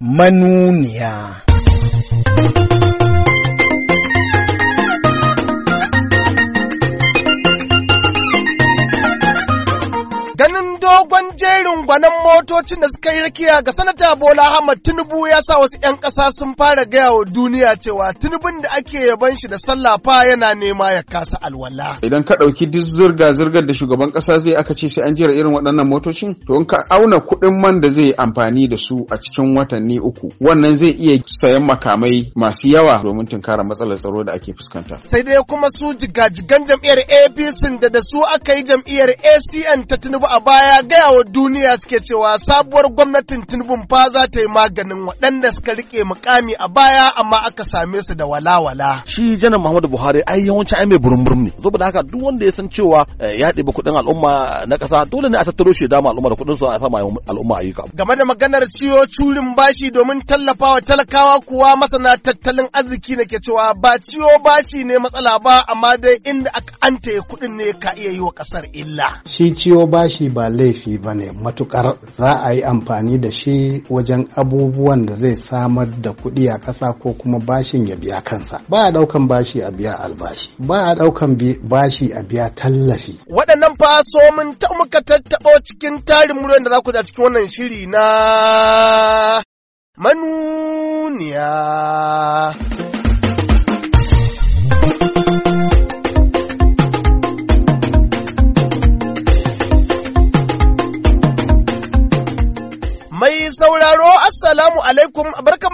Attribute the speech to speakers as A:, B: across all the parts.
A: manuniya.
B: Kwanan motocin da suka yi rakiya ga sanata Bola Ahmad Tinubu ya sa wasu 'yan ƙasa sun fara gaya wa duniya cewa Tinubun da ake yaban shi da sallah fa yana nema ya kasa alwala.
C: Idan ka ɗauki duk zirga-zirgar da shugaban ƙasa zai aka ce sai an jira irin waɗannan motocin, to in ka auna kuɗin man da zai amfani da su a cikin watanni uku, wannan zai iya sayan makamai masu yawa domin tunkara matsalar tsaro da ake fuskanta.
B: Sai dai kuma su jigajigan jam'iyyar APC da da su aka yi jam'iyyar ACN ta Tinubu a baya gaya wa duniya suke cewa sabuwar gwamnatin Tinubu fa za ta yi maganin waɗanda suka rike mukami a baya amma aka same su da walawala.
D: Shi janar Muhammadu Buhari ai yawanci ai mai burum ne. da haka duk wanda ya san cewa eh, ya ɗebi kuɗin al'umma na ƙasa dole ne a tattaro shi dama al'umma da kuɗin su a sama al'umma ayyuka.
B: Game da maganar ciwo curin bashi domin tallafawa talakawa kuwa masana tattalin arziki na ke cewa ba ciwo bashi ne matsala ba amma dai inda aka anta kuɗin ne ka iya yi wa ƙasar illa.
A: Shi ciyo bashi ba laifi ba ne matuƙa matukar za a yi amfani da shi wajen abubuwan da zai samar da kuɗi a ƙasa ko kuma bashin ya biya kansa ba a ɗaukan bashi a biya albashi ba a ɗaukan bashi a biya tallafi
B: waɗannan faso mun ta muka tattaɓo cikin tarin muryar da za ku a cikin wannan shiri na manuniya. hukum mereka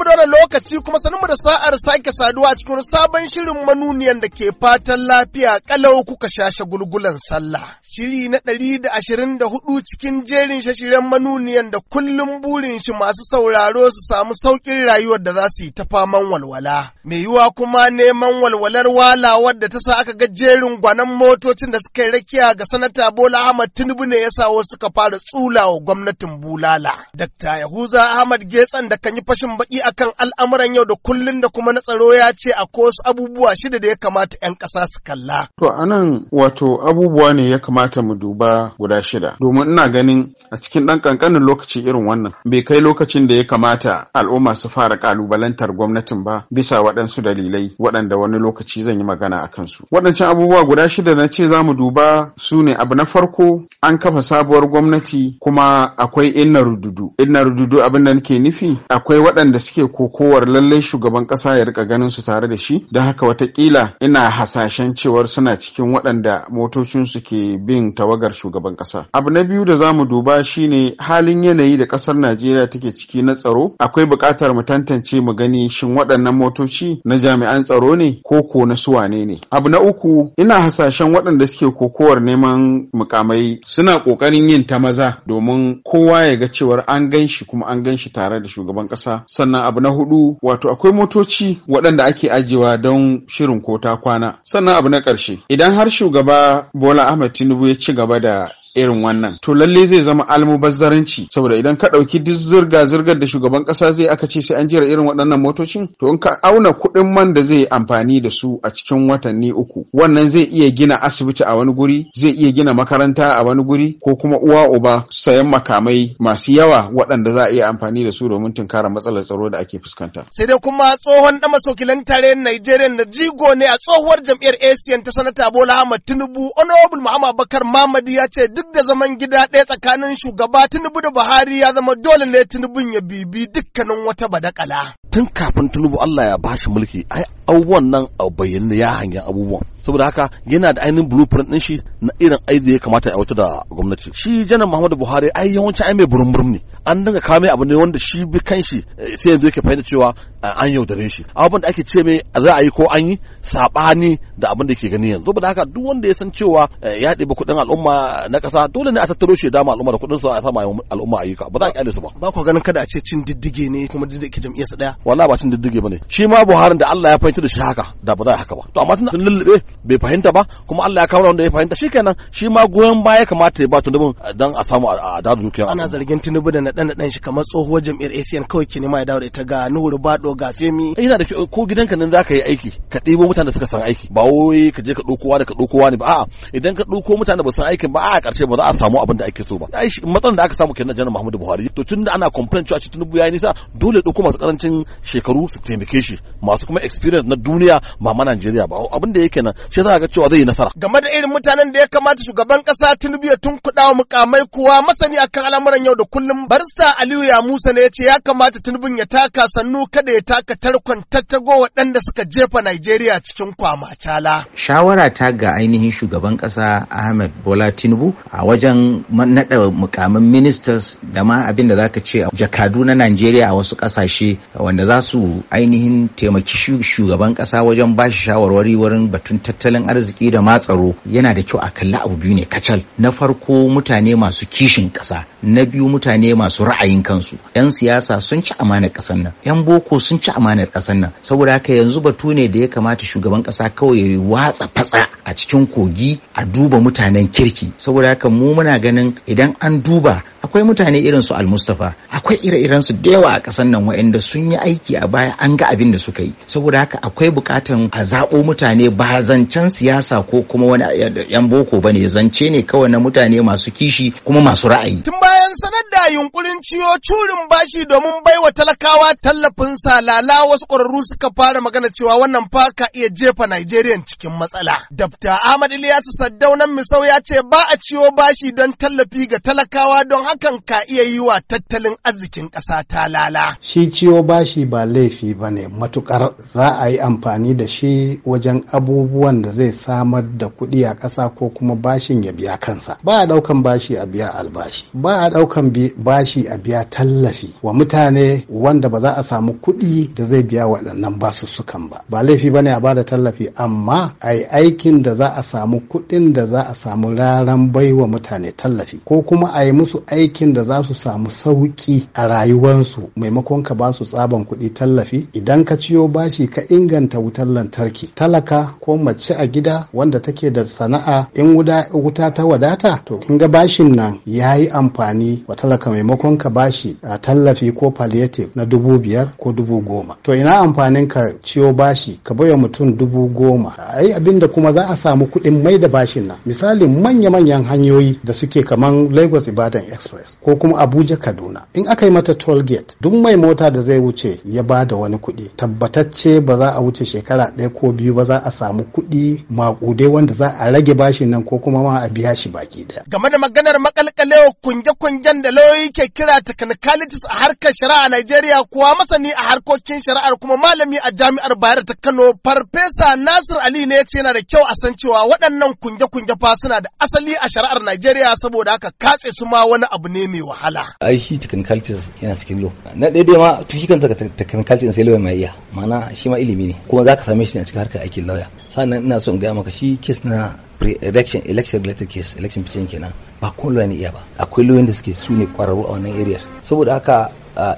B: lokaci kuma sanmu da sa'ar sake saduwa a cikin sabon shirin manuniyan da ke fatan lafiya kalau kuka shashe gulgulan sallah. Shiri na ɗari da ashirin da hudu cikin jerin shashiren manuniyan da kullum burin shi masu sauraro su samu sauƙin rayuwar da za su yi ta faman walwala. Mai yiwa kuma neman walwalar wala wadda ta sa aka ga jerin gwanan motocin da suka yi rakiya ga sanata Bola Ahmad Tinubu ne ya sa wasu suka fara tsula wa gwamnatin bulala. Dakta Yahuza Ahmad Getsan da kan yi fashin baki akan al'amuran al'amuran yau da kullun da kuma na tsaro ya ce a wasu abubuwa shida da ya kamata 'yan ƙasa su kalla.
C: To anan wato abubuwa ne ya kamata mu duba guda shida domin ina ganin a cikin ɗan ƙanƙanin lokaci irin wannan bai kai lokacin da ya kamata al'umma su fara ƙalubalantar gwamnatin ba bisa waɗansu dalilai waɗanda wani lokaci zan yi magana a kansu. Waɗancan abubuwa guda shida na ce za mu duba su ne abu na farko an kafa sabuwar gwamnati kuma akwai inna rududu. Inna rududu abin da nake nufi akwai waɗanda suke kokowa sha'awar lallai shugaban ƙasa ya rika ganin su tare da shi don haka watakila ina hasashen cewar suna cikin waɗanda motocinsu ke bin tawagar shugaban ƙasa abu na biyu da za mu duba shine halin yanayi da ƙasar najeriya take ciki na tsaro akwai buƙatar mu tantance mu gani shin waɗannan motoci na jami'an tsaro ne ko ko na wane ne abu na uku ina hasashen waɗanda suke kokowar neman mukamai suna ƙoƙarin yin ta maza domin kowa ya ga cewar an gan shi kuma an gan shi tare da shugaban ƙasa sannan abu na hudu hudu wato akwai motoci waɗanda ake ajiyewa don shirin ko ta kwana sannan abu na ƙarshe idan har shugaba bola ahmed tinubu ya ci gaba da irin wannan to lalle zai zama almubazzaranci saboda idan ka ɗauki duk zirga zirgar da shugaban ƙasa zai aka ce sai an jira irin waɗannan motocin to in ka auna kuɗin man da zai amfani da su a cikin watanni uku wannan zai iya gina asibiti a wani guri zai iya gina makaranta a wani guri ko kuma uwa uba sayan makamai masu yawa waɗanda za a iya amfani da su domin tunkara matsalar tsaro da ake fuskanta
B: sai dai kuma tsohon da tare tarayyar Najeriya na jigo ne a tsohuwar jam'iyyar ACN ta sanata Bola Ahmad Tinubu Honorable Muhammad Bakar Mamadi ya ce duk duk da zaman gida ɗaya tsakanin shugaba Tinubu da Buhari ya zama dole ne Tinubun ya bibi dukkanin
D: wata badakala. Tun kafin Tinubu Allah ya bashi mulki, abubuwan nan a bayyane ya hangen abubuwan saboda haka yana da ainihin blueprint din shi na irin aiki da ya kamata ya wuce da gwamnati shi janar muhammadu buhari ai yawanci ai mai burum ne an dinga kame abu ne wanda shi bi kanshi eh, sai yanzu yake fahimta cewa eh, an yaudare shi abubuwan da ake ce mai za a yi ko an yi sabani da abin da ke gani yanzu saboda haka duk wanda ya san cewa eh, ya ɗebi kuɗin al'umma na ƙasa dole ne a tattaro shi dama al'umma da kuɗin su a sama al'umma ayyuka ba za a ƙyale su ba
B: ba ku ganin kada a ce cin diddige ne kuma
D: diddige jam'iyyarsa ɗaya wallahi ba cin diddige ne shi ma buhari da Allah ya fahimta da shi haka da ba za a haka ba to amma tun lullube bai fahimta ba kuma Allah ya kawo wanda ya fahimta shikenan shi ma goyon baya kamata ya ba tunubin dan a samu a da dukiya
B: ana zargin tunubu da naɗan naɗan shi kamar tsohuwar jam'iyyar ACN kawai ke nema ya
D: dawo da ita ga Nuhu Bado ga Femi ina eh, da ko gidanka nan zaka yi aiki ka ɗebo mutanen da suka san aiki ba wai ka je ka ɗauko da ka ɗauko ne ba a'a idan ka ɗauko mutanen da ba san aikin ba a'a ƙarshe ba za a samu abin da ake so ba ai matsalar da aka samu kenan janar Muhammadu Buhari to tun da ana complain cewa tunubu ya nisa dole ɗauko masu karancin shekaru su taimake shi masu kuma experience market na duniya ba ma Najeriya ba abin da yake nan sai za ga cewa zai yi nasara game da
B: irin mutanen da ya kamata shugaban kasa Tinubu ya tunkuɗa mukamai kuwa masani akan al'amuran yau da kullum barista Aliyu ya Musa ne ya ce ya kamata Tinubu ya taka sannu kada ya taka tarkon tattago waɗanda suka jefa Najeriya cikin kwamacala
A: shawara ta ga ainihin shugaban kasa Ahmed Bola Tinubu a wajen naɗa mukamin ministers da ma abin da zaka ce jakadu na Najeriya a wasu ƙasashe wanda za su ainihin taimaki shugaban shugaban kasa wajen ba shi shawarwari wurin batun tattalin arziki da matsaro yana da kyau a kalli abu biyu ne kacal na farko mutane masu kishin kasa na biyu mutane masu ra'ayin kansu yan siyasa sun ci amanar ƙasar nan yan boko sun ci amanar ƙasar nan saboda haka yanzu batu ne da ya kamata shugaban ƙasa kawai ya watsa fatsa a cikin kogi a duba mutanen kirki saboda haka mu muna ganin idan an duba akwai mutane irin su almustafa akwai ire-iren su da yawa a ƙasar nan waɗanda sun yi aiki a baya an ga abin da suka yi saboda haka akwai bukatan a zaɓo mutane ba zancen siyasa ko kuma wani eh, yan boko ba bane zance ne kawai na mutane masu kishi kuma masu ra'ayi
B: bayan sanar da yunkurin ciyo curin bashi domin baiwa talakawa tallafin sa lala wasu ƙwararru suka fara magana cewa wannan fa ka iya jefa Najeriya cikin matsala. Dabta Ahmad Ilyasu Saddaunan Misau ya ce ba a ciyo bashi don tallafi ga talakawa don hakan ka iya yi wa tattalin arzikin ƙasa ta lala.
A: Shi ciyo bashi ba laifi ba ne matuƙar za a yi amfani da shi wajen abubuwan da zai samar da kuɗi a ƙasa ko kuma bashin ya biya kansa. Ba a ɗaukan bashi a biya albashi. Ba a daukan bashi a biya tallafi wa mutane wanda ba za a samu kuɗi da zai biya waɗannan basussukan ba ba laifi ba ne a bada tallafi amma a yi aikin da za a samu kuɗin da za a samu raran bai wa mutane tallafi ko kuma a yi musu aikin da za su samu sauƙi a rayuwarsu maimakon ka ba su tsaban kuɗi tallafi idan ka ciyo bashi ka inganta wutar lantarki talaka ko mace a gida wanda take da sana'a in wuta ta wadata to kin ga bashin nan ya yi amfani amfani wa talaka maimakon ka bashi a tallafi ko palliative na dubu biyar ko dubu goma to ina amfanin ka ciyo bashi ka baiwa mutum dubu goma ai abinda kuma za a samu kuɗin mai da bashin nan misalin manya-manyan hanyoyi da suke kaman lagos ibadan express ko kuma abuja kaduna in aka yi mata toll gate duk mai mota da zai wuce ya ba da wani kuɗi tabbatacce ba za a wuce shekara ɗaya ko biyu ba za a samu kuɗi maƙude wanda za a rage bashin nan ko kuma ma a biya shi baki ɗaya
B: game da maganar makalkalewa kunge kungiyar da lauyoyi ke kira technicalities a harkar shari'a a Najeriya kuwa masani a harkokin shari'ar kuma malami a jami'ar Bayero ta Kano Farfesa Nasir Ali ne ya ce yana da kyau a san cewa waɗannan kunge-kunge fa suna da asali a shari'ar Najeriya saboda haka katse su ma wani abu ne mai wahala.
E: Ai shi technicalities yana cikin lo. Na ɗaya dai ma to shi kanta technicalities sai lauya mai iya. Ma'ana shi ma ilimi ne kuma zaka same shi ne a cikin harkar aikin lauya. Sannan ina so in gaya maka shi kes na election election related case election petition kenan ba kowa ne iya ba akwai lauyoyin da suke su ne kwararru a wannan area saboda haka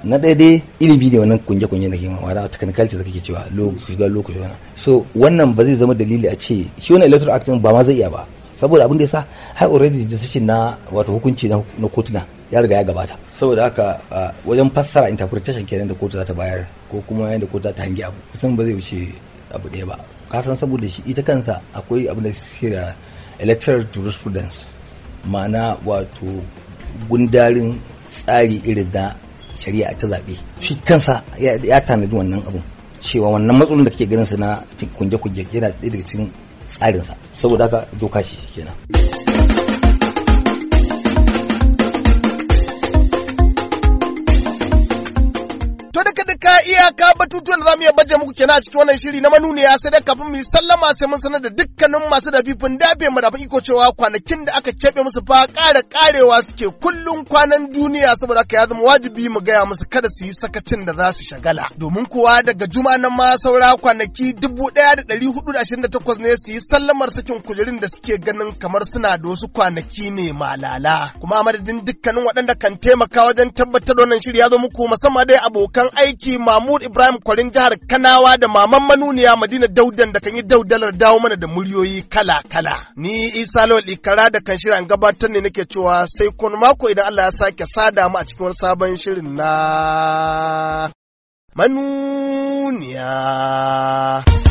E: na daidai ilimi ne wannan kunje kunje da kima wada technical ce kake cewa ga lokaci wannan so wannan ba zai zama dalili a ce shi wannan electoral act ba ma zai iya ba saboda abin da sa har already decision na wato hukunci na kotuna ya riga ya gabata saboda haka wajen fassara interpretation kenan da kotu za ta bayar ko kuma yadda kotu za ta hangi abu kusan ba zai wuce abu ɗaya ba kasan saboda shi ita kansa akwai abin da suke da electoral jurisprudence ma'ana wato gundarin tsari irin da shari'a ta zaɓe shi kansa ya tanadi wannan abun cewa wannan matsalolin da kake ganin su na kunje-kunje yana ɗaya daga cikin tsarinsa saboda haka doka shi kenan.
B: batutuwan da za mu iya baje muku kenan a cikin wannan shiri na ya sai da kafin mu yi sallama sai mun sanar da dukkanin masu da fifin dafe mu da iko cewa kwanakin da aka kebe musu fa ƙara ƙarewa suke kullum kwanan duniya saboda haka ya zama wajibi mu gaya musu kada su yi sakacin da za su shagala domin kuwa daga juma nan ma saura kwanaki dubu ɗaya da ɗari hudu ashirin da takwas ne su yi sallamar sakin kujerun da suke ganin kamar suna da wasu kwanaki ne malala kuma madadin dukkanin waɗanda kan taimaka wajen tabbatar da wannan shiri ya zo muku musamman dai abokan aiki Mahmud Ibrahim Maryam Kwarin jihar Kanawa da maman manuniya Madina Daudan da kan yi daudalar dawo mana da muryoyi kala-kala. Ni Isa Lawal Ikara da kan shirin gabatar ne nake cewa sai kun mako idan Allah ya sake sada mu a cikin wani sabon shirin na manuniya.